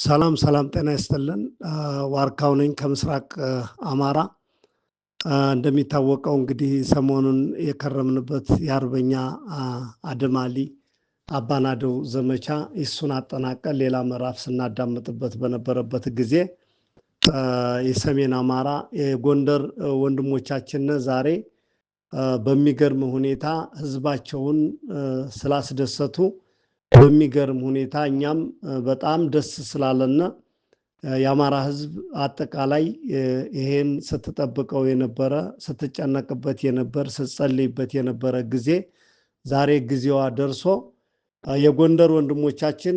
ሰላም ሰላም፣ ጤና ይስጥልን። ዋርካው ነኝ ከምስራቅ አማራ። እንደሚታወቀው እንግዲህ ሰሞኑን የከረምንበት የአርበኛ አድማሊ አባናደው ዘመቻ እሱን አጠናቀን ሌላ ምዕራፍ ስናዳምጥበት በነበረበት ጊዜ የሰሜን አማራ የጎንደር ወንድሞቻችን ዛሬ በሚገርም ሁኔታ ህዝባቸውን ስላስደሰቱ በሚገርም ሁኔታ እኛም በጣም ደስ ስላለና የአማራ ሕዝብ አጠቃላይ ይሄን ስትጠብቀው የነበረ ስትጨነቅበት የነበር ስትጸልይበት የነበረ ጊዜ ዛሬ ጊዜዋ ደርሶ የጎንደር ወንድሞቻችን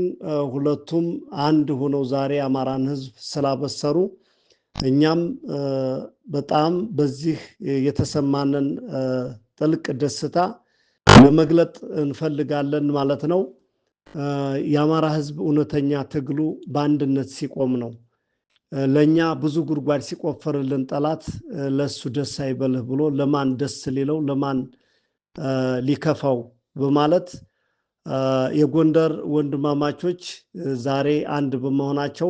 ሁለቱም አንድ ሆነው ዛሬ የአማራን ሕዝብ ስላበሰሩ እኛም በጣም በዚህ የተሰማንን ጥልቅ ደስታ ለመግለጥ እንፈልጋለን ማለት ነው። የአማራ ህዝብ እውነተኛ ትግሉ በአንድነት ሲቆም ነው። ለእኛ ብዙ ጉድጓድ ሲቆፈርልን ጠላት ለእሱ ደስ አይበልህ ብሎ ለማን ደስ ሊለው ለማን ሊከፋው በማለት የጎንደር ወንድማማቾች ዛሬ አንድ በመሆናቸው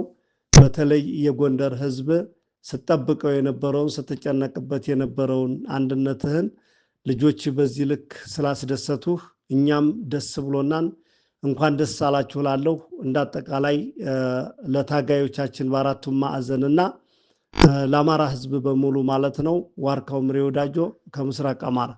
በተለይ የጎንደር ህዝብ ስጠብቀው የነበረውን ስትጨነቅበት የነበረውን አንድነትህን ልጆች በዚህ ልክ ስላስደሰቱህ እኛም ደስ ብሎናን እንኳን ደስ አላችሁ ላለሁ እንዳጠቃላይ ለታጋዮቻችን በአራቱም ማዕዘንና ለአማራ ህዝብ በሙሉ ማለት ነው። ዋርካው ምሬ ወዳጆ ከምስራቅ አማራ